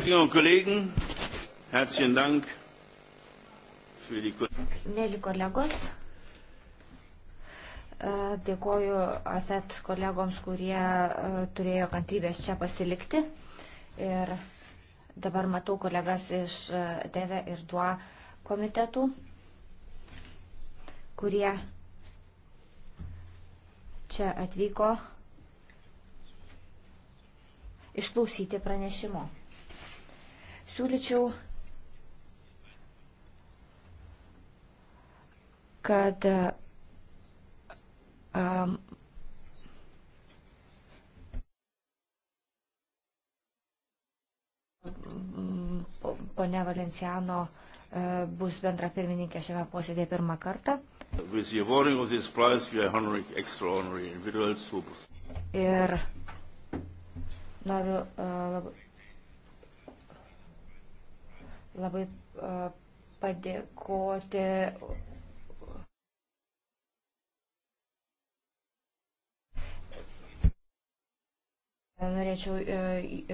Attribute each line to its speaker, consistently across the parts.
Speaker 1: Kolleginnen und Kollegen, herzlichen Dank für die
Speaker 2: Mėly kolegos, e, dėkoju AFET kolegoms, kurie e, turėjo kantrybės čia pasilikti. Ir dabar matau kolegas iš e, DEVE ir DUA komitetų, kurie čia atvyko išklausyti pranešimo siūlyčiau, kad um, ponia Valenciano bus bendra pirmininkė šiame posėdėje pirmą kartą. Ir noriu uh, labai padėkoti. Norėčiau e,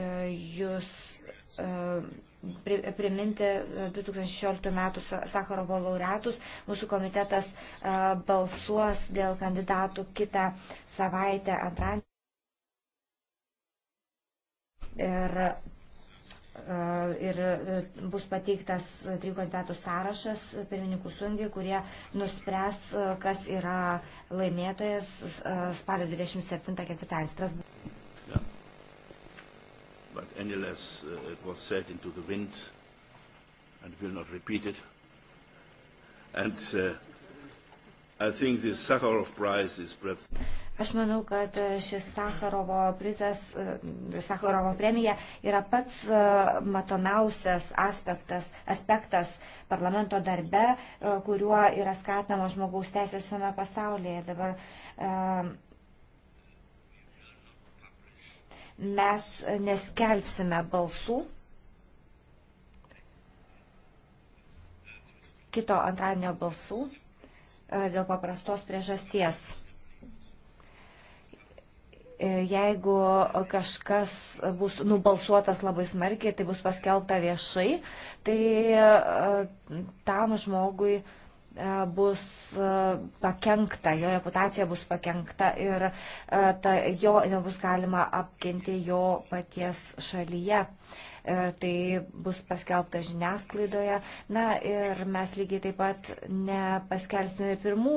Speaker 2: e, jūs e, priminti 2016 metų Sakarovo laureatus. Mūsų komitetas balsuos dėl kandidatų kitą savaitę antradienį. Ir E, ir e, bus pateiktas trijų kandidatų sąrašas pirmininkų sungiai, kurie nuspręs, e, kas yra laimėtojas spalio 27 ketvirtadienį Strasbūrė.
Speaker 1: Yeah. But NLS, uh, it was said into the wind and will not repeat it. And uh, I think this Sakharov Prize is perhaps...
Speaker 2: Aš manau, kad e, šis Sakarovo prizas, e, Sakarovo premija yra pats e, matomiausias aspektas, aspektas parlamento darbe, kuriuo yra skatinama žmogaus teisės visame pasaulyje. Dabar, mes neskelbsime balsų kito antradienio balsų dėl paprastos priežasties. E, jeigu kažkas bus nubalsuotas labai smarkiai, tai bus paskelbta viešai, tai e, tam žmogui e, bus pakengta, jo reputacija bus pakengta ir ta, jo nebus galima apginti jo paties šalyje. Uh, E, tai bus paskelbta žiniasklaidoje. Na ir mes lygiai taip pat nepaskelbsime pirmų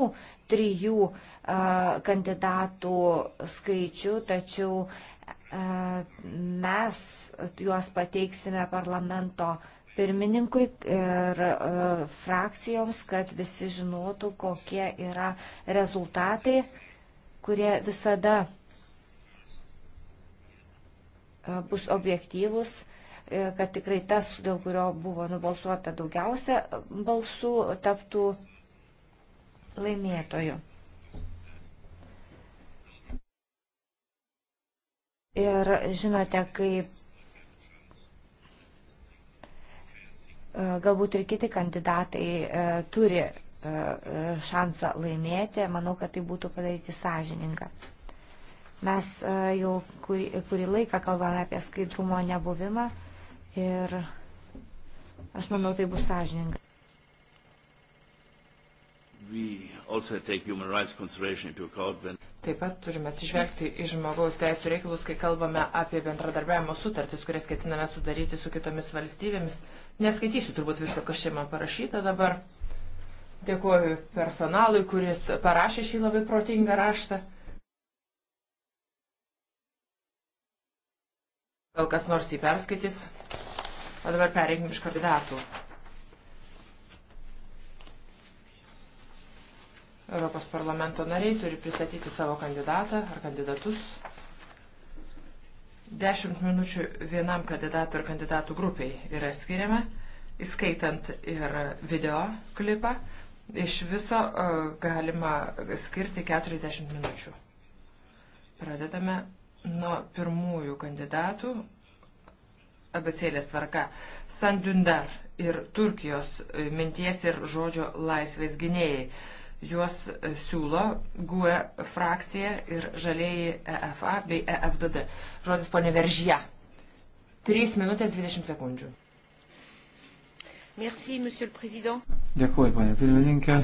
Speaker 2: trijų e, kandidatų skaičių, tačiau e, mes juos pateiksime parlamento pirmininkui ir frakcijoms, kad visi žinotų, kokie yra rezultatai, kurie visada bus objektyvus E, kad tikrai tas, dėl kurio buvo nubalsuota daugiausia balsų, taptų laimėtoju. Ir žinote, kaip e, galbūt ir kiti kandidatai e, turi šansą laimėti, manau, kad tai būtų padaryti sąžininką. Mes jau kurį laiką kalbame apie skaidrumo nebuvimą. Ir aš manau, tai bus sąžininga.
Speaker 3: Taip pat turime atsižvelgti į žmogaus teisų reikalus, kai kalbame apie bendradarbiavimo sutartis, kurias ketiname sudaryti su kitomis valstybėmis. Neskaitysiu turbūt visko, kas čia man parašyta dabar. Dėkuoju personalui, kuris parašė šį labai protingą raštą. Gal kas nors jį perskaitys. O dabar pereikim iš kandidatų. Europos parlamento nariai turi pristatyti savo kandidatą ar kandidatus. Dešimt minučių vienam kandidatų ir kandidatų grupiai yra skiriama, įskaitant ir video klipą. Iš viso e, galima skirti 40 minučių. Pradedame nuo pirmųjų kandidatų abecėlės tvarka. Sandundar ir Turkijos e, minties ir žodžio laisvės gynėjai. Juos e, siūlo GUE frakcija ir žalieji EFA bei EFDD. Žodis ponė Veržia. 3 minutės 20 sekundžių.
Speaker 2: Merci, monsieur le président.
Speaker 4: Dėkuoju, ponė pirmininkė.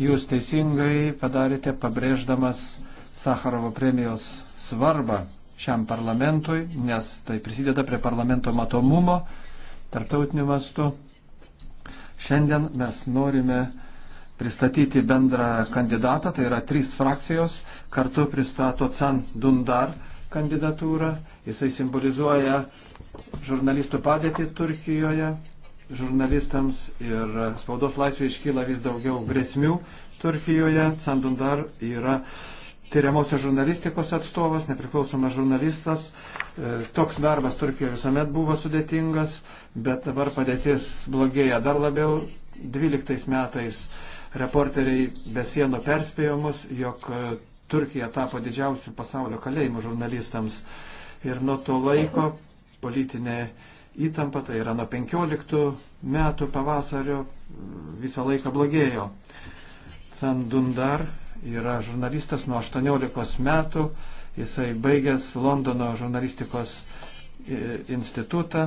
Speaker 4: Jūs teisingai padarėte pabrėždamas uh, Sakarovo premijos svarbą šiam parlamentui, nes tai prisideda prie parlamento matomumo tarptautiniu mastu. Šiandien mes norime pristatyti bendrą kandidatą, tai yra trys frakcijos, kartu pristato Can Dundar kandidatūrą, jisai simbolizuoja žurnalistų padėtį Turkijoje, žurnalistams ir spaudos laisvė iškyla vis daugiau grėsmių Turkijoje, Can Dundar yra tyriamosios žurnalistikos atstovas, nepriklausomas žurnalistas. E, toks darbas Turkijoje visuomet buvo sudėtingas, bet dabar padėtis blogėja dar labiau. 12 metais reporteriai be sienų perspėjo mus, jog e, Turkija tapo didžiausių pasaulio kalėjimų žurnalistams. Ir nuo to laiko politinė įtampa, tai yra nuo 15 metų pavasario, visą laiką blogėjo. Sandundar yra žurnalistas nuo 18 metų, jisai baigęs Londono žurnalistikos e, institutą,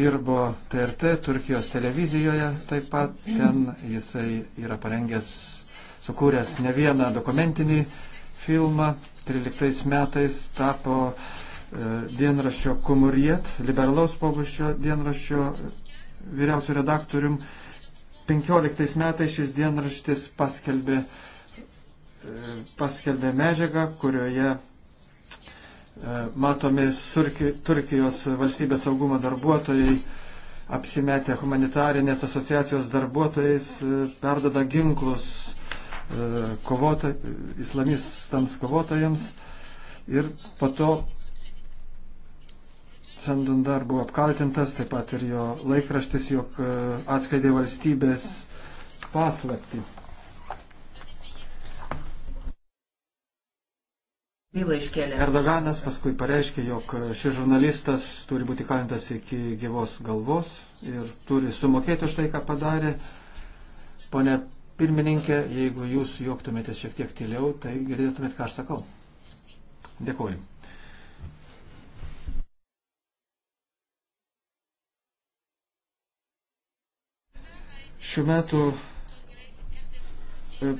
Speaker 4: dirbo TRT, Turkijos televizijoje taip pat, ten jisai yra parengęs, sukūręs ne vieną dokumentinį filmą, 13 metais tapo e, dienraščio Kumuriet, liberalaus pobūdžio dienraščio e, vyriausių redaktorium. 15 metais šis dienraštis paskelbė paskelbė medžiagą, kurioje e, matomi surki, Turkijos valstybės saugumo darbuotojai apsimetę humanitarinės asociacijos darbuotojais e, perdada ginklus e, kovotoj, islamistams kovotojams ir po to Sandundar buvo apkaltintas, taip pat ir jo laikraštis, jog atskleidė valstybės paslapti.
Speaker 3: bylą iškėlė.
Speaker 4: Erdoganas paskui pareiškė, jog šis žurnalistas turi būti kalintas iki gyvos galvos ir turi sumokėti už tai, ką padarė. Pone pirmininkė, jeigu jūs juoktumėte šiek tiek tyliau, tai girdėtumėt, ką aš sakau. Dėkuoju. Šiuo metu,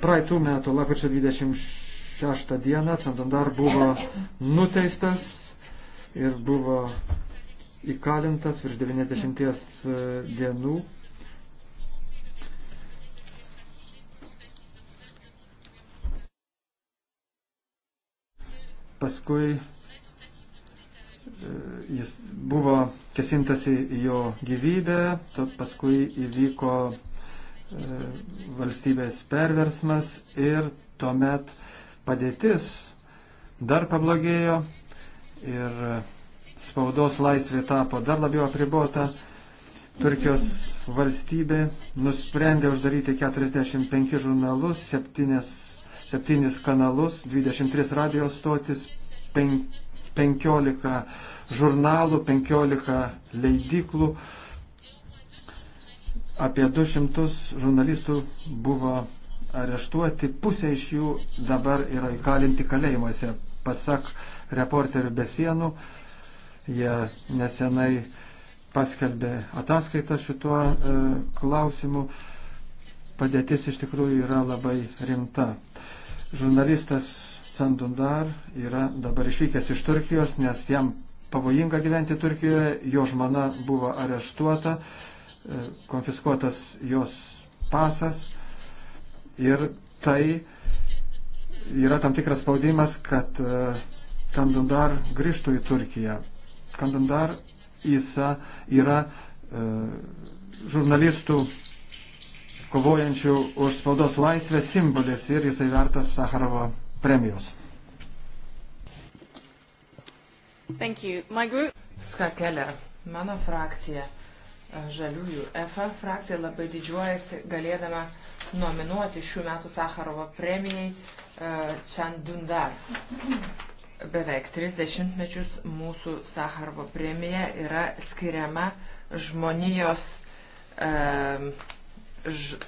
Speaker 4: praeitų metų, lapkričio 26 6 dieną Cendandar buvo nuteistas ir buvo įkalintas virš 90 e, dienų. Paskui e, jis buvo kesintasi į jo gyvybę, paskui įvyko e, valstybės perversmas ir tuomet met padėtis dar pablogėjo ir spaudos laisvė tapo dar labiau apribota. Turkijos valstybė nusprendė uždaryti 45 žurnalus, 7, 7 kanalus, 23 radijos stotis, 15 žurnalų, 15 leidiklų. Apie 200 žurnalistų buvo areštuoti, pusė iš jų dabar yra įkalinti kalėjimuose. Pasak reporterių be sienų, jie nesenai paskelbė ataskaitą šituo e, klausimu. Padėtis iš tikrųjų yra labai rimta. Žurnalistas Sandundar yra dabar išvykęs iš Turkijos, nes jam pavojinga gyventi Turkijoje, jo žmona buvo areštuota, e, konfiskuotas jos pasas ir tai yra tam tikras spaudimas, kad e, Kandundar grįžtų į Turkiją. Kandundar Isa yra e, žurnalistų kovojančių už spaudos laisvę simbolis ir jisai vertas Sakarovo premijos.
Speaker 3: Skakeler, mano frakcija, e, žaliųjų FF frakcija labai didžiuojasi galėdama uh, nominuoti šių metų Sakarovo premijai Čandundar. E, Beveik 30 mečius mūsų Sakarovo premija yra skiriama žmonijos e, ž,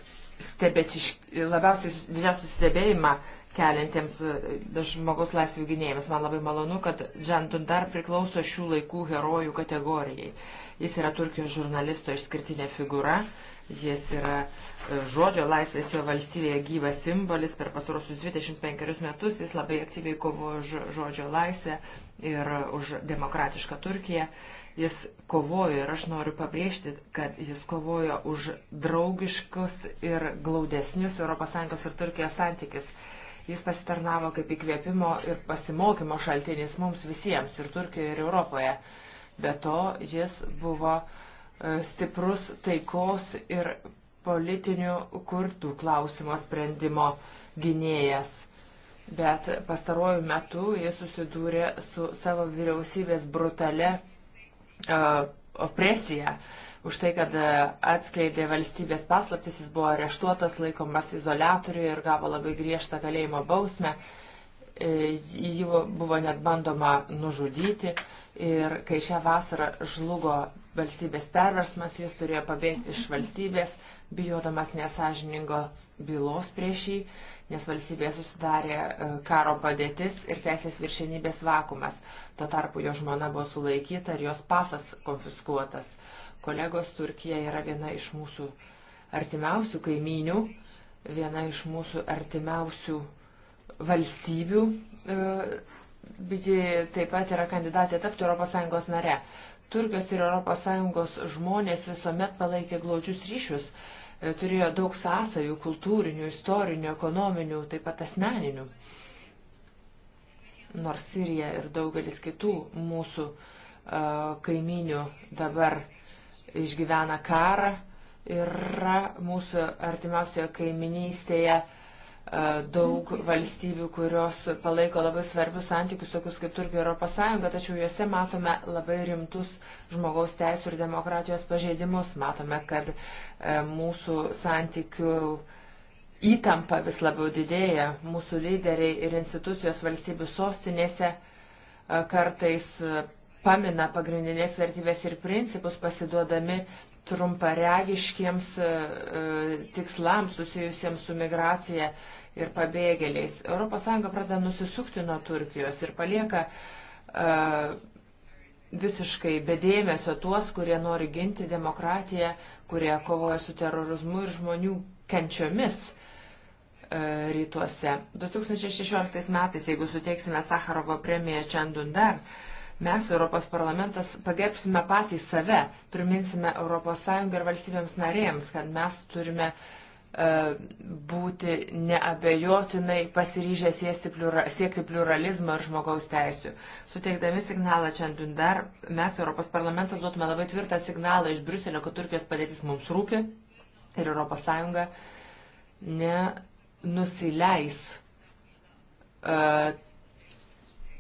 Speaker 3: stebėčiš, labiausiai didžiausią stebėjimą keliantiems e, žmogaus laisvių gynėjams. Man labai malonu, kad Džantundar priklauso šių laikų herojų kategorijai. Jis yra Turkijos žurnalisto išskirtinė figūra Jis yra e, žodžio laisvės jo valstybėje gyvas simbolis. Per pasarosius 25 metus jis labai aktyviai kovojo už žodžio laisvę ir už demokratišką Turkiją. Jis kovojo ir aš noriu pabrėžti, kad jis kovojo už draugiškus ir glaudesnius ES ir Turkijos santykis. Jis pasitarnavo kaip įkvėpimo ir pasimokymo šaltinis mums visiems ir Turkijoje ir Europoje. Be to jis buvo uh, E, stiprus taikos ir politinių kurtų klausimo sprendimo gynėjas. Bet pastaruoju metu jis susidūrė su savo vyriausybės brutale uh, opresija. Už tai, kad e, atskleidė valstybės paslaptis, jis buvo areštuotas, laikomas izolatoriuje ir gavo labai griežtą kalėjimo bausmę. Jį buvo net bandoma nužudyti ir kai šią vasarą žlugo valstybės perversmas, jis turėjo pabėgti iš valstybės, bijodamas nesažiningo bylos prieš jį, nes valstybėje susidarė e, karo padėtis ir teisės viršenybės vakumas. Tuo tarpu jo žmona buvo sulaikyta ir jos pasas konfiskuotas. Kolegos Turkija yra viena iš mūsų artimiausių kaimynių, viena iš mūsų artimiausių valstybių. E, ji taip pat yra kandidatė tapti ES nare. Turkijos ir ES žmonės visuomet palaikė glaudžius ryšius, e, turėjo daug sąsajų kultūrinių, istorinių, ekonominių, taip pat asmeninių. Nors Sirija ir daugelis kitų mūsų e, kaiminių dabar išgyvena karą, yra mūsų artimiausioje kaiminystėje uh, E, daug valstybių, kurios palaiko labai svarbius santykius, tokius kaip Turkija Europos Sąjunga, tačiau juose matome labai rimtus žmogaus teisų ir demokratijos pažeidimus. Matome, kad e, mūsų santykių įtampa vis labiau didėja, mūsų lyderiai ir institucijos valstybių sostinėse e, kartais pamina pagrindinės vertybės ir principus, pasiduodami trumparegiškiems e, e, tikslams susijusiems su migracija ir pabėgėliais. ES pradeda nusisukti nuo Turkijos ir palieka e, visiškai bedėmėsio tuos, kurie nori ginti demokratiją, kurie kovoja su terorizmu ir žmonių kančiomis rytuose. 2016 metais, jeigu suteiksime Sakarovo premiją Čendundar, dar, Mes, Europos parlamentas, pagerbsime patys save, priminsime ES ir valstybėms narėms, kad mes turime e, būti neabejotinai pasiryžę plura, siekti pluralizmo ir žmogaus teisų. Suteikdami signalą šiandien dar, mes Europos parlamentas duotume labai tvirtą signalą iš Bruselio, kad Turkijos padėtis mums rūpi ir Europos Sąjunga nenusileis uh,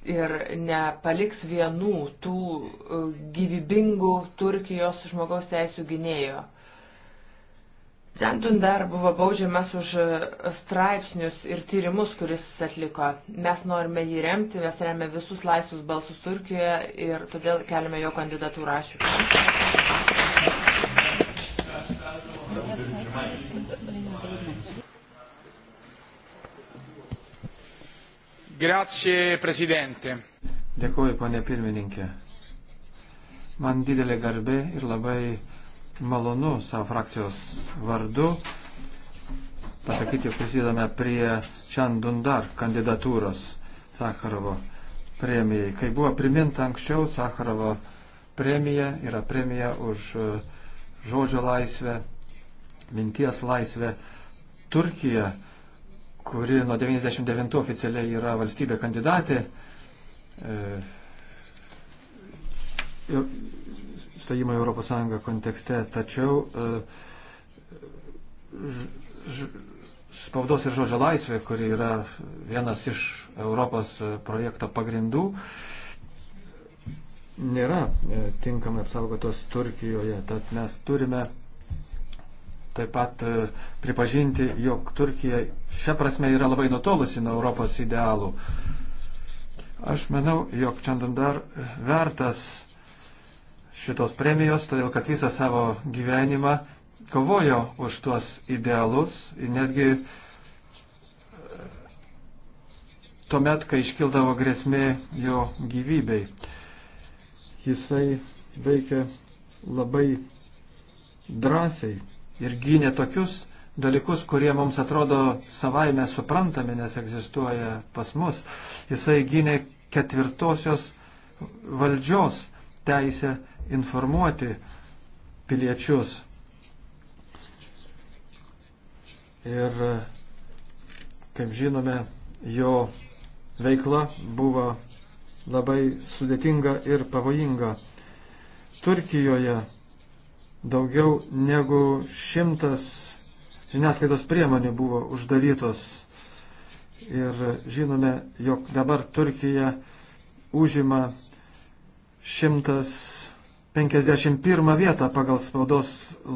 Speaker 3: ir nepaliks vienų tų e, gyvybingų Turkijos žmogaus teisų gynėjo. Džandun dar buvo baudžiamas už e, straipsnius ir tyrimus, kuris atliko. Mes norime jį remti, mes remia visus laisvus balsus Turkijoje ir todėl keliame jo kandidatūrą. Ačiū.
Speaker 4: Grazie, prezidentė. Dėkuoju, ponė pirmininkė. Man didelė garbė ir labai malonu savo frakcijos vardu pasakyti, jog prisidame prie Čandundar kandidatūros Sakarovo premijai. Kai buvo priminta anksčiau, Sakarovo premija yra premija už e, žodžio laisvę, minties laisvę. Turkija kuri nuo 99 oficialiai yra valstybė kandidatė, e, stojimo į Europos Sąjungą kontekste, tačiau e, ž, ž, spaudos ir žodžio laisvė, kuri yra vienas iš Europos e, projekto pagrindų, nėra tinkamai apsaugotos Turkijoje. Tad mes turime taip pat e, pripažinti, jog Turkija šią prasme yra labai nutolusi nuo Europos idealų. Aš manau, jog šiandien dar vertas šitos premijos, todėl kad visą savo gyvenimą kovojo už tuos idealus, netgi e, tuomet, kai iškildavo grėsmė jo gyvybei. Jisai veikia labai drąsiai ir gynė tokius dalykus, kurie mums atrodo savaime suprantami, nes egzistuoja pas mus. Jisai gynė ketvirtosios valdžios teisę informuoti piliečius. Ir, kaip žinome, jo veikla buvo labai sudėtinga ir pavojinga. Turkijoje Daugiau negu šimtas žiniasklaidos priemonių buvo uždarytos ir žinome, jog dabar Turkija užima 151 vietą pagal spaudos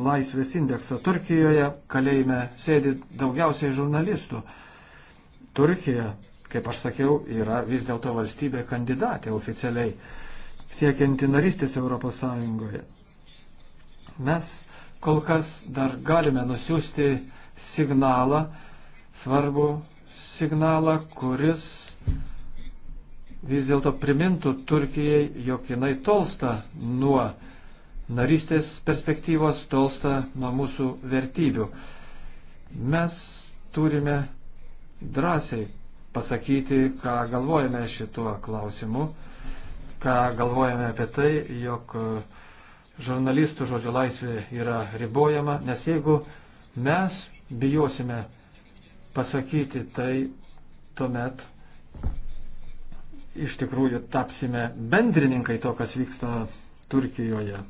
Speaker 4: laisvės indeksą. Turkijoje kalėjime sėdi daugiausiai žurnalistų. Turkija, kaip aš sakiau, yra vis dėlto valstybė kandidatė oficialiai siekianti narystės Europos Sąjungoje. Mes kol kas dar galime nusiųsti signalą, svarbu signalą, kuris vis dėlto primintų Turkijai, jog jinai tolsta nuo narystės perspektyvos, tolsta nuo mūsų vertybių. Mes turime drąsiai pasakyti, ką galvojame šituo klausimu, ką galvojame apie tai, jog uh, žurnalistų žodžio laisvė yra ribojama, nes jeigu mes bijosime pasakyti, tai tuomet iš tikrųjų tapsime bendrininkai to, kas vyksta Turkijoje.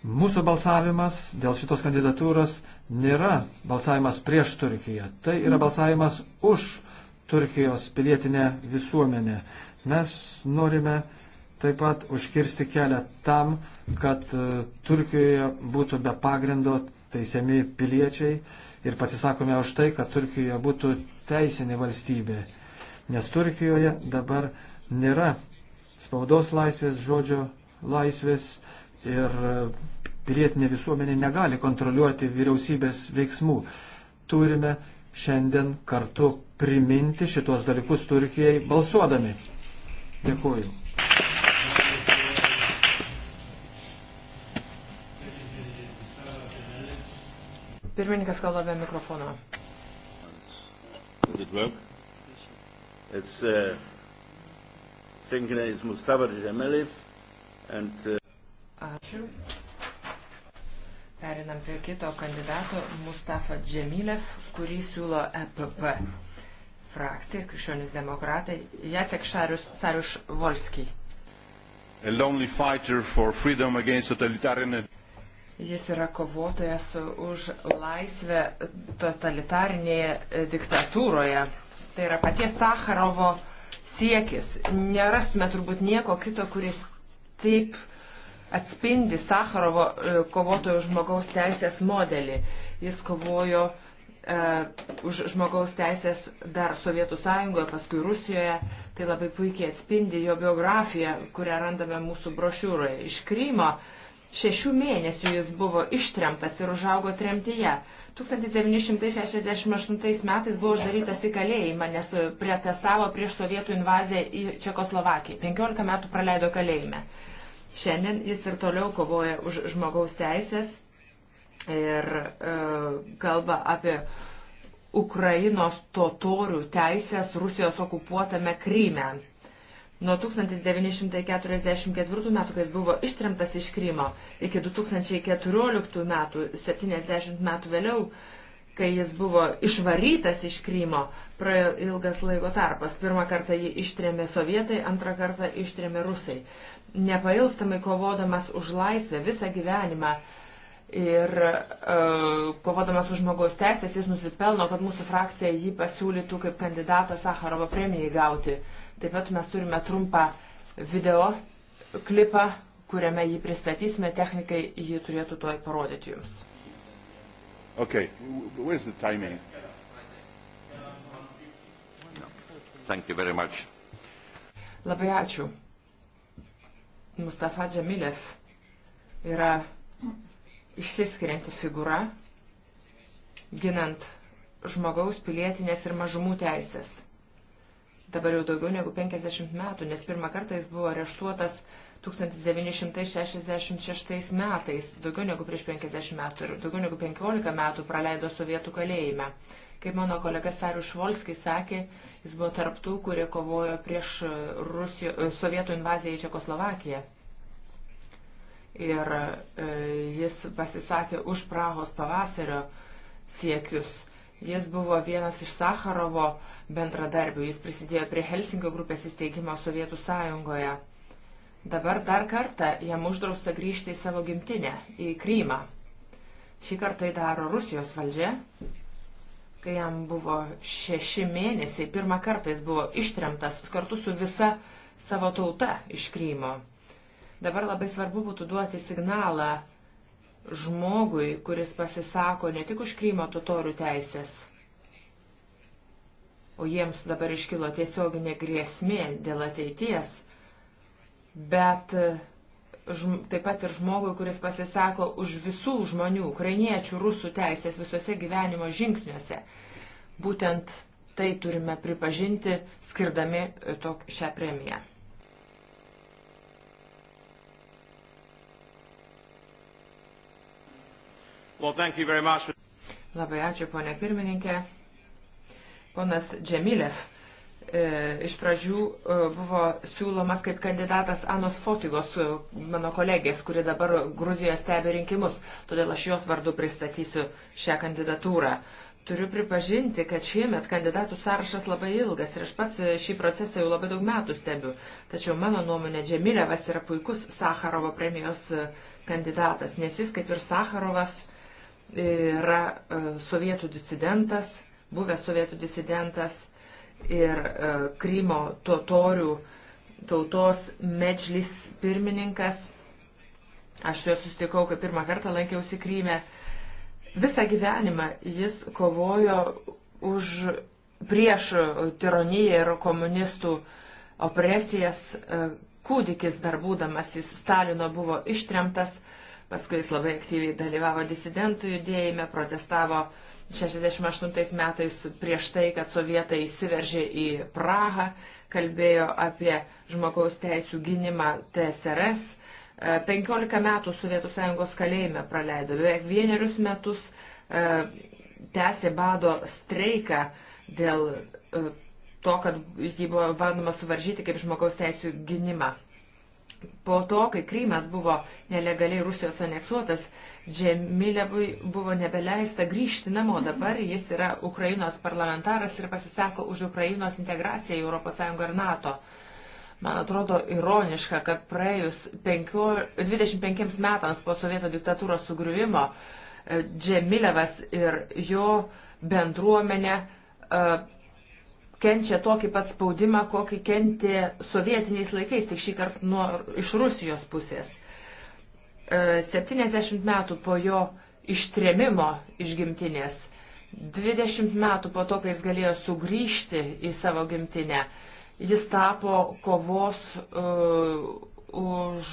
Speaker 4: Mūsų balsavimas dėl šitos kandidatūros nėra balsavimas prieš Turkiją, tai yra balsavimas už Turkijos pilietinę visuomenę. Mes norime taip pat užkirsti kelią tam, kad e, Turkijoje būtų be pagrindo teisiami piliečiai ir pasisakome už tai, kad Turkijoje būtų teisinė valstybė. Nes Turkijoje dabar nėra spaudos laisvės, žodžio laisvės ir e, pilietinė visuomenė negali kontroliuoti vyriausybės veiksmų. Turime šiandien kartu priminti šitos dalykus Turkijai balsuodami. Dėkuoju.
Speaker 3: Pirmininkas kalba be mikrofono.
Speaker 1: Does it work? It's uh, thinking is Mustafa Džemelev and... Uh...
Speaker 3: Ačiū. Perinam prie kito kandidato Mustafa Džemilev, kurį siūlo EPP frakcija, krikščionis demokratai, Jacek Sariuš Volskiai.
Speaker 4: A lonely fighter for freedom against totalitarian
Speaker 3: Jis yra kovotojas už laisvę totalitarinėje e, diktatūroje. Tai yra paties Sakarovo siekis. Nerastume turbūt nieko kito, kuris taip atspindi Sakarovo e, kovotojų žmogaus teisės modelį. Jis kovojo uh, už žmogaus teisės dar Sovietų sąjungoje, paskui Rusijoje. Tai labai puikiai atspindi jo biografiją, kurią randame mūsų brošiūroje. Iš Krymo uh, Šešių mėnesių jis buvo ištremtas ir užaugo tremtyje. 1968 metais buvo uždarytas į kalėjimą, nes pretestavo prieš sovietų invaziją į Čekoslovakiją. 15 metų praleido kalėjime. Šiandien jis ir toliau kovoja už žmogaus teisės ir e, kalba apie Ukrainos totorių teisės Rusijos okupuotame Kryme. Nuo 1944 metų, kai jis buvo ištrimtas iš Krymo, iki 2014 metų, 70 metų vėliau, kai jis buvo išvarytas iš Krymo, praėjo ilgas laiko tarpas. Pirmą kartą jį ištrėmė sovietai, antrą kartą ištrėmė rusai. Nepailstamai kovodamas už laisvę visą gyvenimą ir uh, e, kovodamas už žmogaus teisės, jis nusipelno, kad mūsų frakcija jį pasiūlytų kaip kandidatą Sakarovo premijai gauti. Taip pat mes turime trumpą video klipą, kuriame jį pristatysime, technikai jį turėtų tuoj parodyti jums.
Speaker 1: Okay, where's the timing? No. Thank you very much.
Speaker 3: Labai ačiū. Mustafa Džamilev yra išsiskirianti figūra, ginant žmogaus pilietinės ir mažumų teisės dabar jau daugiau negu 50 metų, nes pirmą kartą jis buvo areštuotas 1966 metais, daugiau negu prieš 50 metų ir daugiau negu 15 metų praleido sovietų kalėjime. Kaip mano kolega Sarius Švolskis sakė, jis buvo tarptų, kurie kovojo prieš Rusijo, sovietų invaziją į Čekoslovakiją. Ir e, jis pasisakė už Prahos pavasario siekius Jis buvo vienas iš Sakarovo bendradarbių, jis prisidėjo prie Helsinkio grupės įsteigimo Sovietų sąjungoje. Dabar dar kartą jam uždrausta grįžti į savo gimtinę, į Krymą. Šį kartą tai daro Rusijos valdžia. Kai jam buvo šeši mėnesiai, pirmą kartą jis buvo ištremtas kartu su visa savo tauta iš Krymo. Dabar labai svarbu būtų duoti signalą žmogui, kuris pasisako ne tik už Krymo totorių teisės, o jiems dabar iškilo tiesioginė grėsmė dėl ateities, bet e, taip pat ir žmogui, kuris pasisako už visų žmonių, ukrainiečių, rusų teisės visose gyvenimo žingsniuose. Būtent tai turime pripažinti, skirdami e, šią premiją. Well, Labai ačiū, ponė pirmininkė. Ponas Džemilev e, iš pradžių e, buvo siūlomas kaip kandidatas Anos Fotigos, e, mano kolegės, kuri dabar Gruzijoje stebi rinkimus, todėl aš jos vardu pristatysiu šią kandidatūrą. Turiu pripažinti, kad šiemet kandidatų sąrašas labai ilgas ir aš pats e, šį procesą jau labai daug metų stebiu. Tačiau mano nuomonė, Džemilevas yra puikus Sakarovo premijos e, kandidatas, nes jis kaip ir Sakarovas yra e, sovietų disidentas, buvęs sovietų disidentas ir e, Krymo totorių tautos medžlis pirmininkas. Aš su juo susitikau, kai pirmą kartą lankiausi Kryme. Visą gyvenimą jis kovojo už prieš tironiją ir komunistų opresijas. E, kūdikis dar būdamas jis Stalino buvo ištremtas paskui jis labai aktyviai dalyvavo disidentų judėjime, protestavo 68 metais prieš tai, kad sovietai įsiveržė į Prahą, kalbėjo apie žmogaus teisų gynimą TSRS. 15 e, metų Sovietų Sąjungos kalėjime praleido, beveik vienerius metus e, tęsė bado streiką dėl e, to, kad jį buvo bandoma suvaržyti kaip žmogaus teisų gynimą po to, kai Krymas buvo nelegaliai Rusijos aneksuotas, Džemilevui buvo nebeleista grįžti namo. Dabar jis yra Ukrainos parlamentaras ir pasisako už Ukrainos integraciją į ES ir NATO. Man atrodo ironiška, kad praėjus penkio, 25 metams po sovieto diktatūros sugriuvimo e, Džemilevas ir jo bendruomenė uh, kenčia tokį pat spaudimą, kokį kentė sovietiniais laikais, tik šį kartą nuo, iš Rusijos pusės. 70 e, metų po jo ištremimo iš gimtinės, 20 metų po to, kai jis galėjo sugrįžti į savo gimtinę, jis tapo kovos uh, už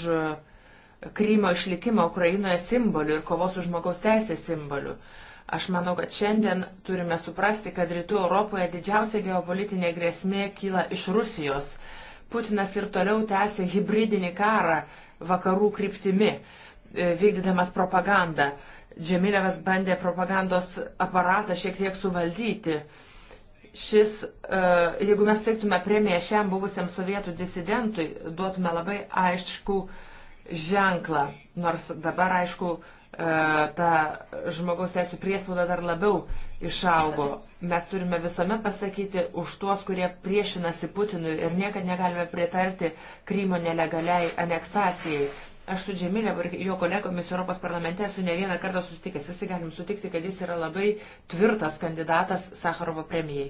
Speaker 3: Krymo išlikimą Ukrainoje simboliu ir kovos už žmogaus teisės simboliu. Uh, Aš manau, kad šiandien turime suprasti, kad rytų Europoje didžiausia geopolitinė grėsmė kyla iš Rusijos. Putinas ir toliau tęsia hybridinį karą vakarų kryptimi, e, vykdydamas propagandą. Džemilevas bandė propagandos aparatą šiek tiek suvaldyti. Šis, e, jeigu mes teiktume premiją šiam buvusiam sovietų disidentui, duotume labai aišku ženklą. Nors dabar, aišku, E, ta žmogaus teisų priespauda dar labiau išaugo. Mes turime visuomet pasakyti už tuos, kurie priešinasi Putinui ir niekad negalime pritarti Krymo nelegaliai aneksacijai. Aš su Džemilė ir jo kolegomis Europos parlamente esu ne vieną kartą susitikęs. Visi galim sutikti, kad jis yra labai tvirtas kandidatas Sakarovo premijai.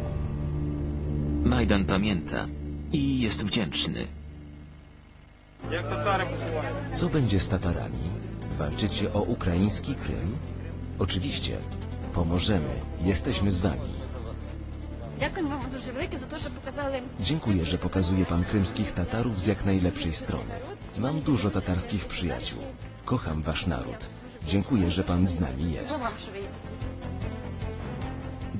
Speaker 5: Majdan pamięta
Speaker 6: i jest wdzięczny.
Speaker 1: Jak Tatary
Speaker 5: Co będzie z Tatarami? Walczycie o ukraiński Krym? Oczywiście. Pomożemy. Jesteśmy z wami.
Speaker 1: Дякую вам дуже велике за те, що показали.
Speaker 5: Dziękuję, że pokazuje pan krymskich Tatarów z jak najlepszej strony. Mam dużo tatarskich przyjaciół. Kocham wasz naród. Dziękuję, że pan z nami jest.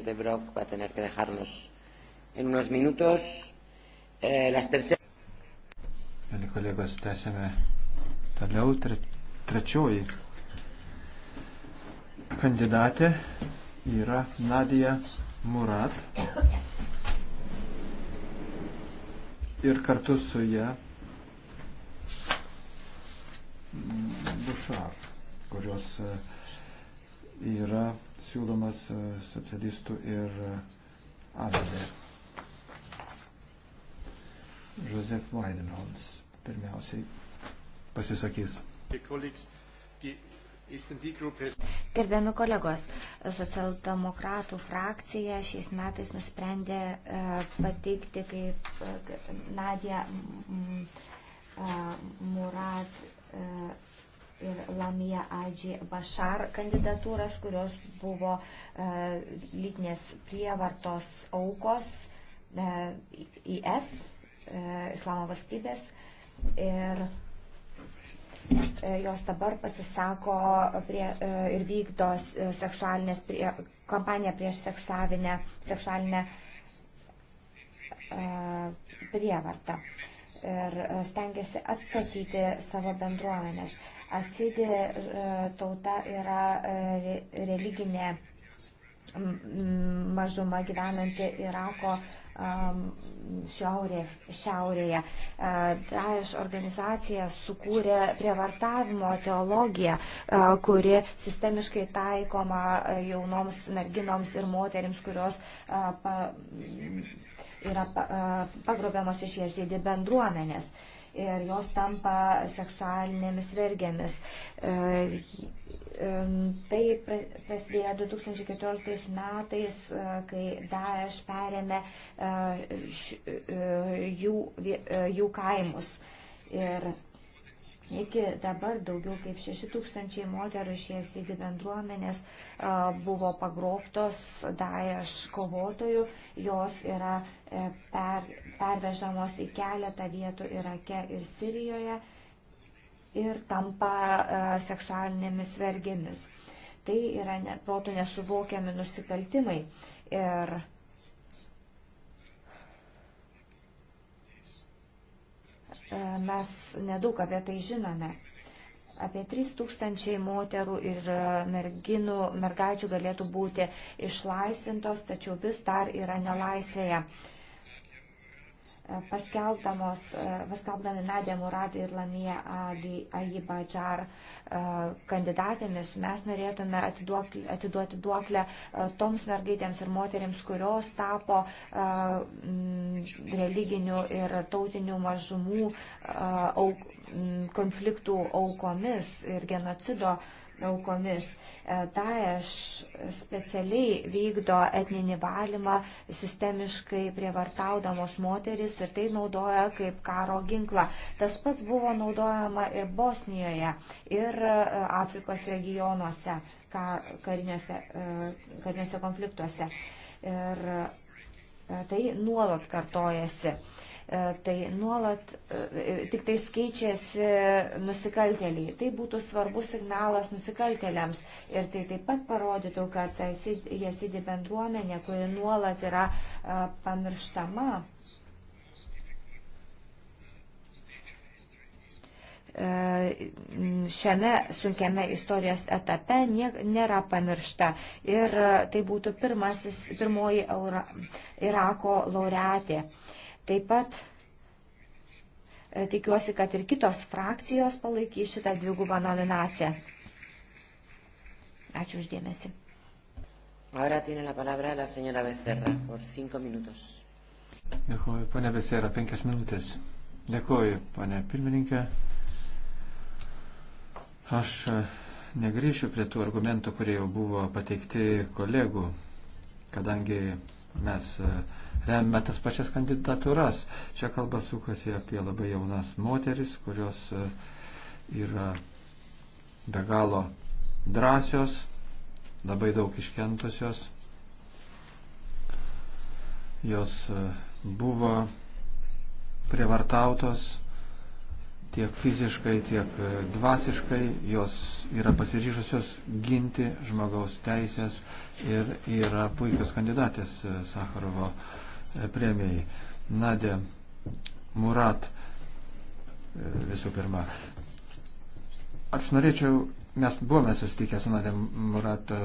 Speaker 3: presidente Brock va a tener que dejarnos en unos minutos. Eh, las terceras.
Speaker 4: Mėly kolegos, tęsėme toliau. Tre, trečioji kandidatė yra Nadija Murat. Ir kartu su ją Bušar, kurios eh, yra siūlomas e, socialistų ir e, AVD. Josef Weidenholz pirmiausiai pasisakys.
Speaker 2: Gerbiami kolegos, socialdemokratų frakcija šiais metais nusprendė e, pateikti kaip Nadia Murad ir Lamija Adži Bašar kandidatūras, kurios buvo e, lytinės prievartos aukos IS, e, e, Islamo valstybės. Ir jos dabar pasisako prie, ir vykdo seksualinės prie, kampaniją prieš seksualinę, seksualinę prievartą ir e, stengiasi atstatyti savo bendruomenės. Asidi e, tauta yra e, religinė mažuma gyvenanti Irako šiaurės, šiaurėje. Daesh organizacija sukūrė prievartavimo teologiją, kuri sistemiškai taikoma jaunoms merginoms ir moterims, kurios yra pagrobiamos iš jezidį bendruomenės ir jos tampa seksualinėmis vergėmis. E, e, tai prasidėjo 2014 metais, e, kai Daesh perėmė jų, jų kaimus. Ir Iki dabar daugiau kaip 6000 moterų išėjęs į bendruomenės buvo pagrobtos Daesh kovotojų, jos yra e, per, pervežamos į keletą vietų Irake ir Sirijoje ir tampa e, seksualinėmis vergėmis. Tai yra ne, protų nesuvokiami nusikaltimai ir mes nedaug apie tai žinome. Apie 3000 moterų ir e, merginų, mergaičių galėtų būti išlaisvintos, tačiau vis dar yra nelaisvėje. E, paskelbdamos, e, paskelbdami Nadė Muradį ir Lamiją Ajibą Džar e, kandidatėmis, mes norėtume atiduokli, atiduoti duoklę toms mergaitėms ir moteriams, kurios tapo religinių ir tautinių mažumų auk, konfliktų aukomis ir genocido aukomis aukomis. Daesh e, specialiai vykdo etninį valymą, sistemiškai prievartaudamos moteris ir tai naudoja kaip karo ginklą. Tas pats buvo naudojama ir Bosnijoje, ir e, Afrikos regionuose, kariniuose, e, kariniuose konfliktuose. Ir tai nuolat kartojasi. E, tai nuolat e, e, tik tai keičiasi nusikaltėliai. Tai būtų svarbus signalas nusikaltėliams ir tai taip pat parodytų, kad jie sėdi bendruomenė, kuri nuolat yra pamirštama. šiame sunkiame istorijos etape nėra pamiršta. Ir tai būtų pirmasis, pirmoji Eura, Irako laureatė. Uh, Taip pat e, tikiuosi, kad ir kitos frakcijos palaikys šitą dvigubą nominaciją.
Speaker 3: Ačiū uždėmesi. Ahora tiene la palabra la señora Becerra por cinco minutos.
Speaker 4: Dėkuoju, ponė Besėra, penkias minutės. Dėkuoju, ponė pirmininkė. Aš e, negryšiu prie tų argumentų, kurie jau buvo pateikti kolegų, kadangi mes uh, remia tas pačias kandidatūras. Čia kalba sukasi apie labai jaunas moteris, kurios e, yra be galo drąsios, labai daug iškentusios. Jos e, buvo prievartautos tiek fiziškai, tiek e, dvasiškai, jos yra pasiryžusios ginti žmogaus teisės ir yra puikios kandidatės Sakarovo premijai. Nadė Murat e, visų pirma. Aš norėčiau, mes buvome susitikę su Nadė Murat e,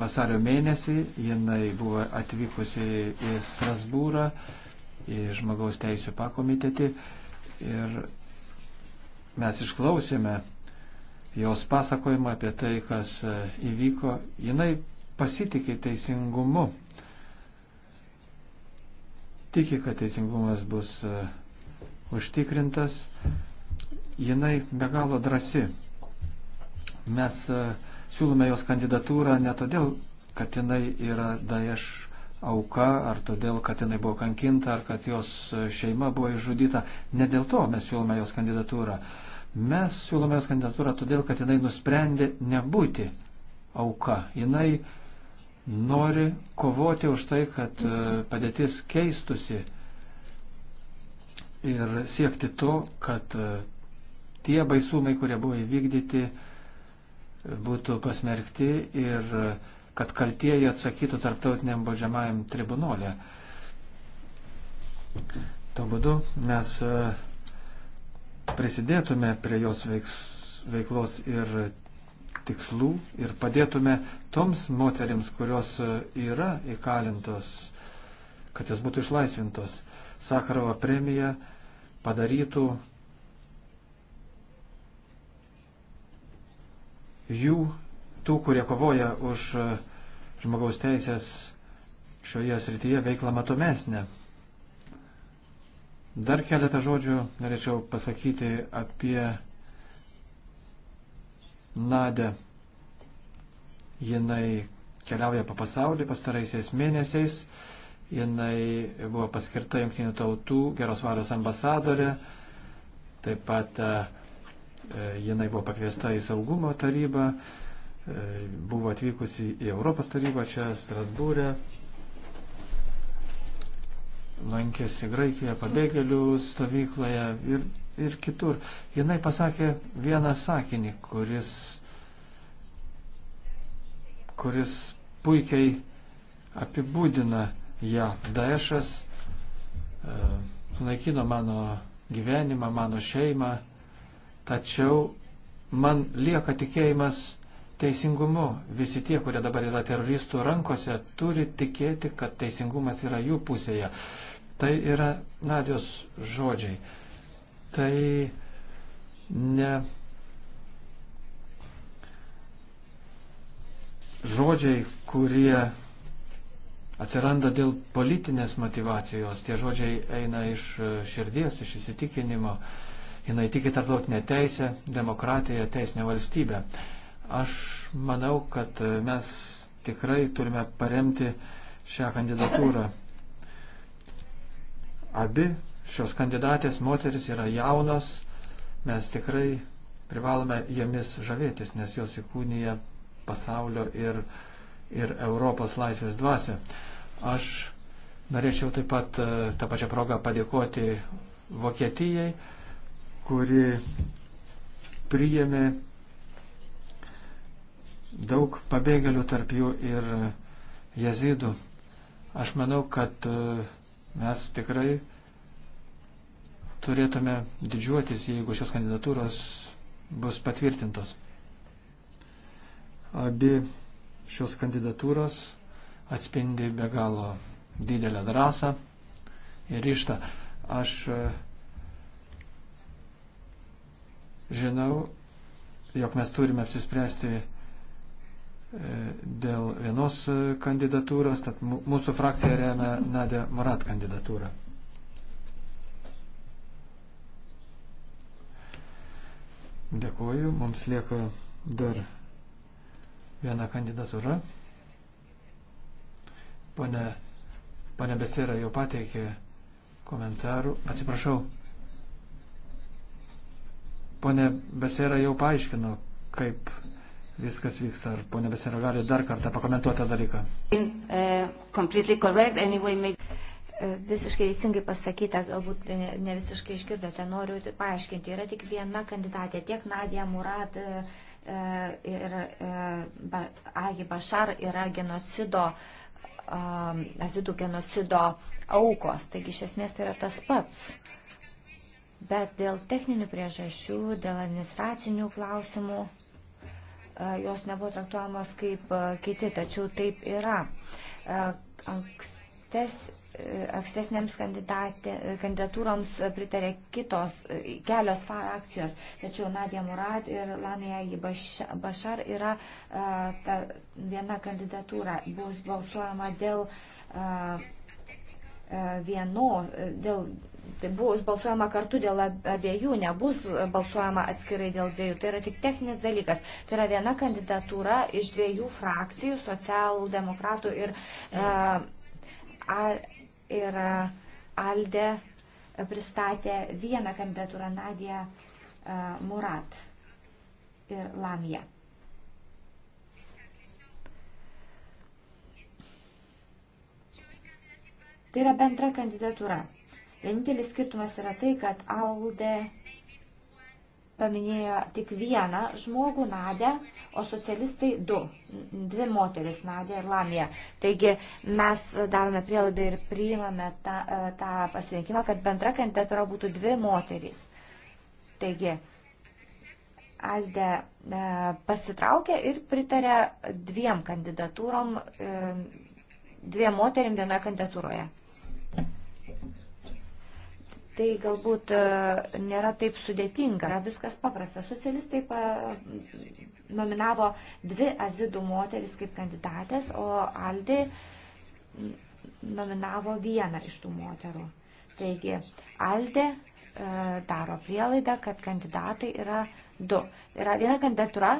Speaker 4: vasario mėnesį, jinai buvo atvykusi į Strasbūrą, į žmogaus teisų pakomitetį ir mes išklausėme jos pasakojimą apie tai, kas e, įvyko. Jinai pasitikė teisingumu. Uh, tiki, kad teisingumas bus e, užtikrintas, jinai be galo drasi. Mes e, siūlome jos kandidatūrą ne todėl, kad jinai yra Daesh auka, ar todėl, kad jinai buvo kankinta, ar kad jos e, šeima buvo išžudyta. Ne dėl to mes siūlome jos kandidatūrą. Mes siūlome jos kandidatūrą todėl, kad jinai nusprendė nebūti auka. Jinai nori kovoti už tai, kad e, padėtis keistusi ir siekti to, kad e, tie baisumai, kurie buvo įvykdyti, būtų pasmerkti ir e, kad kaltieji atsakytų tarptautiniam baudžiamajam tribunolė. Tuo būdu mes prisidėtume prie jos veiks, veiklos ir tikslų ir padėtume toms moteriams, kurios e, yra įkalintos, kad jos būtų išlaisvintos. Sakarovo premija padarytų jų, tų, kurie kovoja už e, žmogaus teisės šioje srityje veiklą matomesnę. Dar keletą žodžių norėčiau pasakyti apie Nadę jinai keliauja po pasaulį pastaraisiais mėnesiais, jinai buvo paskirta Junktinių tautų geros varos ambasadorė, taip pat e, e, jinai buvo pakviesta į saugumo tarybą, e, buvo atvykusi į Europos tarybą čia Strasbūrė, lankėsi Graikijoje pabėgėlių stovykloje ir, ir kitur. Jinai pasakė vieną sakinį, kuris kuris puikiai apibūdina ją. Daešas e, sunaikino mano gyvenimą, mano šeimą, tačiau man lieka tikėjimas teisingumu. Visi tie, kurie dabar yra teroristų rankose, turi tikėti, kad teisingumas yra jų pusėje. Tai yra Nadios žodžiai. Tai ne žodžiai, kurie atsiranda dėl politinės motivacijos, tie žodžiai eina iš e, širdies, iš įsitikinimo, jinai tiki tarptautinę teisę, demokratiją, teisinę valstybę. Aš manau, kad e, mes tikrai turime paremti šią kandidatūrą. Abi šios kandidatės moteris yra jaunos, mes tikrai privalome jomis žavėtis, nes jos įkūnyje pasaulio ir, ir Europos laisvės dvasę. Aš norėčiau taip pat e, tą pačią progą padėkoti Vokietijai, kuri priėmė daug pabėgėlių tarp jų ir jezidų. Aš manau, kad e, mes tikrai turėtume didžiuotis, jeigu šios kandidatūros bus patvirtintos. Abi šios kandidatūros atspindi be galo didelę drąsą ir ryštą. Aš e, žinau, jog mes turime apsispręsti e, dėl vienos e, kandidatūros, tad mūsų frakcija remia Nadė Marat kandidatūrą. Dėkuoju, mums lieka dar viena kandidatūra. Pone, pone Besera jau pateikė komentarų. Atsiprašau. Pone Besera jau paaiškino, kaip viskas vyksta. Ar ponė Besera gali dar kartą pakomentuoti tą dalyką?
Speaker 2: E, e, visiškai teisingai pasakyta, galbūt ne visiškai išgirdote, noriu paaiškinti. Yra tik viena kandidatė, tiek Nadija Murat, e, E, ir e, Agi Bašar yra genocido, azidų genocido aukos, taigi iš esmės tai yra tas pats. Bet dėl techninių priežasčių, dėl administracinių klausimų, jos nebuvo traktuojamos kaip kiti, tačiau taip yra. Ankstes, ankstesnėms kandidatūroms pritarė kitos kelios frakcijos, tačiau Nadia Murad ir Lamija Bašar yra ta viena kandidatūra. Bus balsuojama dėl vieno, dėl, tai bus balsuojama kartu dėl abiejų, nebus balsuojama atskirai dėl dviejų. Tai yra tik techninis dalykas. Tai yra viena kandidatūra iš dviejų frakcijų, socialdemokratų ir. Uh, Al, ir Alde pristatė vieną kandidatūrą Nadiją e, Murat ir Lamiją. Tai yra bendra kandidatūra. Vienintelis skirtumas yra tai, kad Alde paminėjo tik vieną žmogų, Nadę, o socialistai du. Dvi moteris, Nadė ir Lamija. Taigi mes darome prielaidą ir priimame tą, e, tą pasirinkimą, kad bendra kandidatūra būtų dvi moterys. Taigi, Alde e, pasitraukė ir pritarė dviem kandidatūrom, e, dviem moterim vienoje kandidatūroje tai galbūt e, nėra taip sudėtinga. Yra viskas paprasta. Socialistai pa, nominavo dvi azidų moteris kaip kandidatės, o Aldi nominavo vieną iš tų moterų. Taigi, Aldi e, daro prielaidą, kad kandidatai yra du. Yra viena kandidatūra,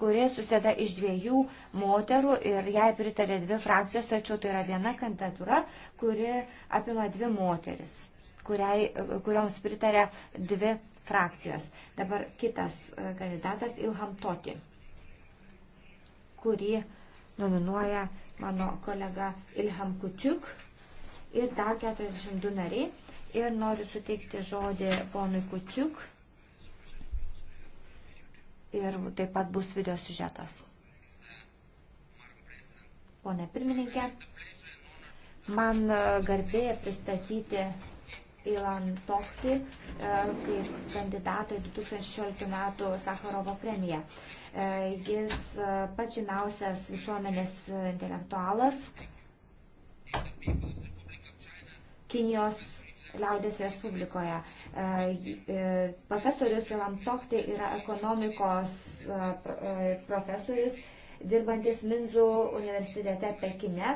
Speaker 2: kuri susėda iš dviejų moterų ir jai pritarė dvi frakcijos, tačiau tai yra viena kandidatūra, kuri apima dvi moteris kuriai, kurioms pritarė dvi frakcijos. Dabar kitas e, kandidatas Ilham Toti, kurį nominuoja mano kolega Ilham Kučiuk ir dar 42 nariai. Ir noriu suteikti žodį ponui Kučiuk. Ir taip pat bus video sužetas. Pone pirmininkė, man e, garbė pristatyti Ilan Tohti e, kaip kandidatą į 2016 metų Sakarovo premiją. E, jis e, pats žymiausias visuomenės intelektualas Kinijos Liaudės Respublikoje. Profesorius Ilan Tohti yra ekonomikos profesorius dirbantis Minzų universitete Pekine.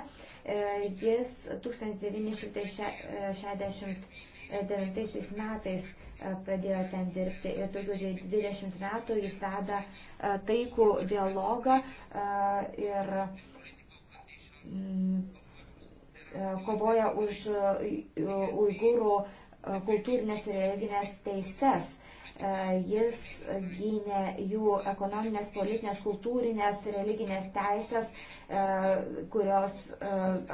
Speaker 2: Jis 1960 2009 metais e, pradėjo ten dirbti ir daugiau nei 20 metų jis veda e, taikų dialogą e, ir mm, kovoja už uigūrų kultūrinės ir religinės teises. Jis gynė jų ekonominės, politinės, kultūrinės, religinės teisės, kurios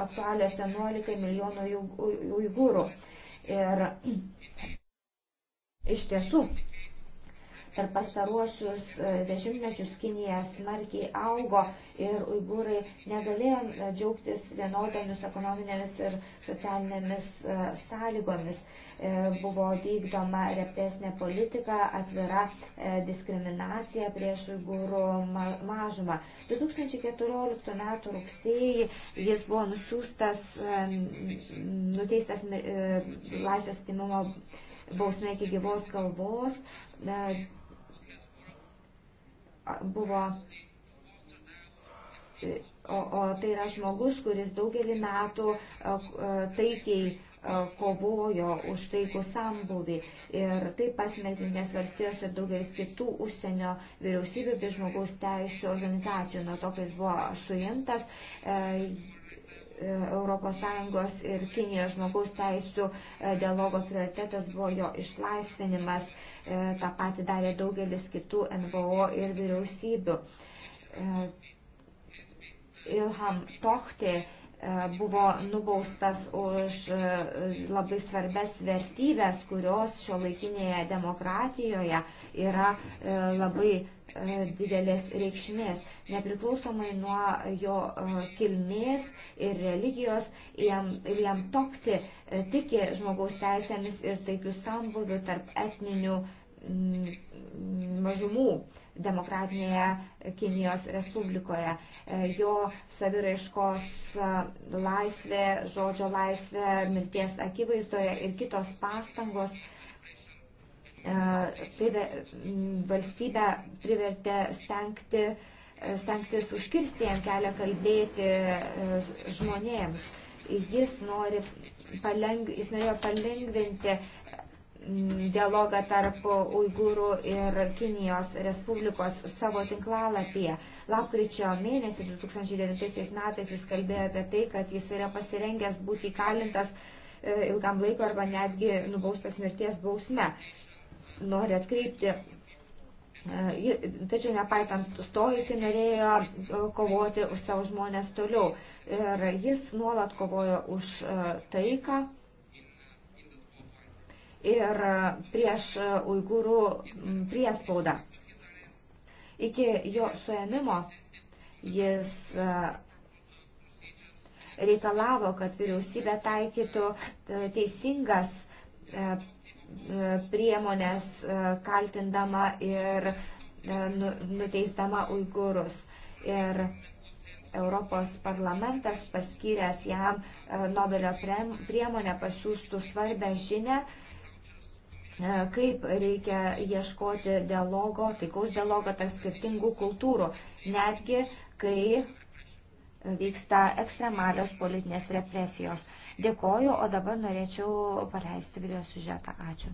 Speaker 2: aktualios 11 milijonų uigūrų. Jū, Ir iš tiesų Per pastaruosius e, dešimtmečius Kinija smarkiai augo ir uigūrai negalėjo e, džiaugtis vienodomis ekonominėmis ir socialinėmis e, sąlygomis. Buvo vykdoma represinė politika, atvira diskriminacija prieš uigūrų mažumą. 2014 m. rugsėjį jis buvo nusiųstas, nuteistas laisvės timimo bausmė iki gyvos kalbos buvo. E, o, o tai yra žmogus, kuris daugelį metų e, e, taikiai kovojo už taikų sambuvį. Ir taip pasmetinės valstijos ir daugelis kitų užsienio vyriausybių bei žmogaus teisų organizacijų. Nuo to, kai jis buvo suimtas, ES ir Kinijos žmogaus teisų e, dialogo prioritetas buvo jo išlaisvinimas. E, Ta pati darė daugelis kitų NVO ir vyriausybių. E, Ilham Tohtė buvo nubaustas už labai svarbes vertybės, kurios šio laikinėje demokratijoje yra labai E, didelės reikšmės, nepriklausomai nuo jo e, kilmės ir religijos, jam, ir jam tokti e, tiki žmogaus teisėmis ir taikių sambuvių tarp etninių mm, mažumų demokratinėje Kinijos Respublikoje. Jo saviraiškos laisvė, žodžio laisvė, mirties akivaizdoje ir kitos pastangos E, valstybę privertė stengti, e, stengtis užkirsti jam kelią kalbėti e, žmonėms. Jis, nori paleng, jis norėjo palengvinti dialogą tarp Uigūrų ir Kinijos Respublikos savo tinklalapyje. Lapkričio mėnesį 2009 metais jis kalbėjo apie tai, kad jis yra pasirengęs būti įkalintas ilgam laiko arba netgi nubaustas mirties bausme nori atkreipti. E, tačiau nepaitant to, jis norėjo e, kovoti už savo žmonės toliau. Ir jis nuolat kovojo už e, taiką. Ir prieš uigūrų priespaudą. Iki jo suėmimo jis reikalavo, kad vyriausybė taikytų teisingas E, priemonės e, kaltindama ir e, nu, nuteisdama uigurus. Ir Europos parlamentas paskyręs jam Nobelio priemonę pasiūstų svarbę žinę, kaip reikia ieškoti dialogo, taikaus dialogo tarp skirtingų kultūrų, netgi kai vyksta ekstremalios politinės represijos. Dėkoju, o dabar norėčiau paleisti video sužetą. Ačiū.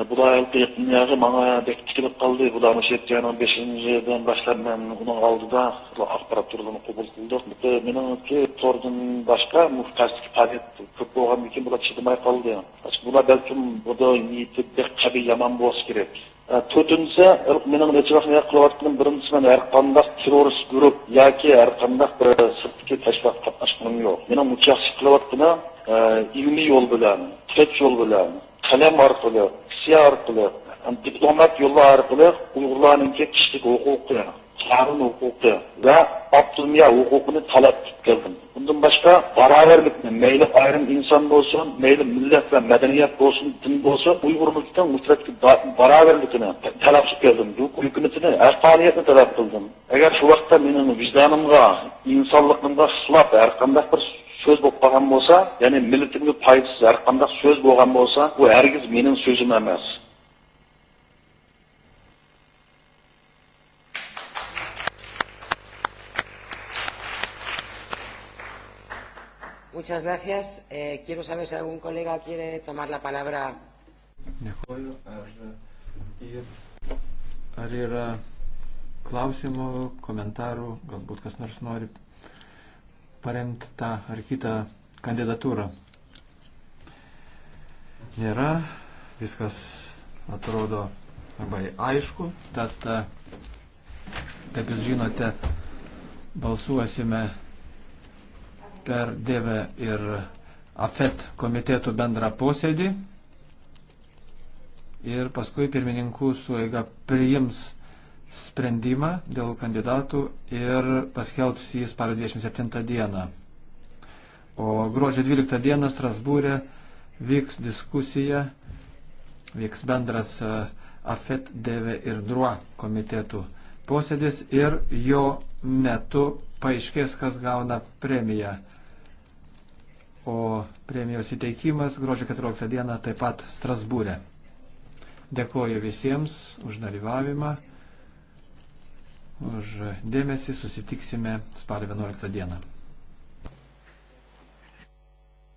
Speaker 1: E, bular elbette niyazı bana bek tikilip kaldı. Bularını Şetyan'ın 5. yıldan başlap ben onun aldıda akbarat turulunu kubul kıldık. Bu benim ki tordun başka muhtarsızlık faaliyet köp olgan bir bular çıdımay kaldı. Bular belki burada niyeti bek kabi yaman boğaz gerek. to'rtinchisi mening necha vaqt niyoz qilayotganim birinchisi man har qandaq terrorist guruh yoki har qandaq bir sirtga tashvaq qatnashganim yo'q mening mujaxshi qilayotganim ilmiy yo'l bilan kuch yo'l bilan qalam orqali tavsiya orqali diplomat yo'llari orqali uyg'urlarninki kishilik huquqi qonun huquqi va avtonomiya huquqini talab qilib keldim bundan boshqa barobarlikni mayli ayrim inson bo'lsin mayli millat va madaniyat bo'lsin din bo'lsin uyg'urlikda mutratki barobarlikini talab qilib keldim hukumatini haqqoniyatni talab qildim agar shu vaqtda mening vijdonimga insonligimga xilof har qanday bir сөз болып қалған болса яғни милләтімге пайдасыз әрқандай сөз болған болса бұл әргіз менің сөзім емес
Speaker 3: Muchas gracias. Eh, quiero saber si algún colega quiere tomar la palabra.
Speaker 4: Dėkuoju. Ar, ar yra klausimų, komentarų, galbūt kas nors nori paremti tą ar kitą kandidatūrą. Nėra, viskas atrodo labai aišku, tad, kaip jūs žinote, balsuosime per Dėvę ir AFET komitetų bendrą posėdį ir paskui pirmininkų suėga priims sprendimą dėl kandidatų ir paskelbs jį spalio 27 dieną. O gruodžio 12 dieną Strasbūrė vyks diskusija, vyks bendras e, AFET, DV ir DRUA komitetų posėdis ir jo metu paaiškės, kas gauna premiją. O premijos įteikimas gruodžio 14 dieną taip pat Strasbūrė. Dėkuoju visiems už dalyvavimą už dėmesį. Susitiksime spalio 11 dieną.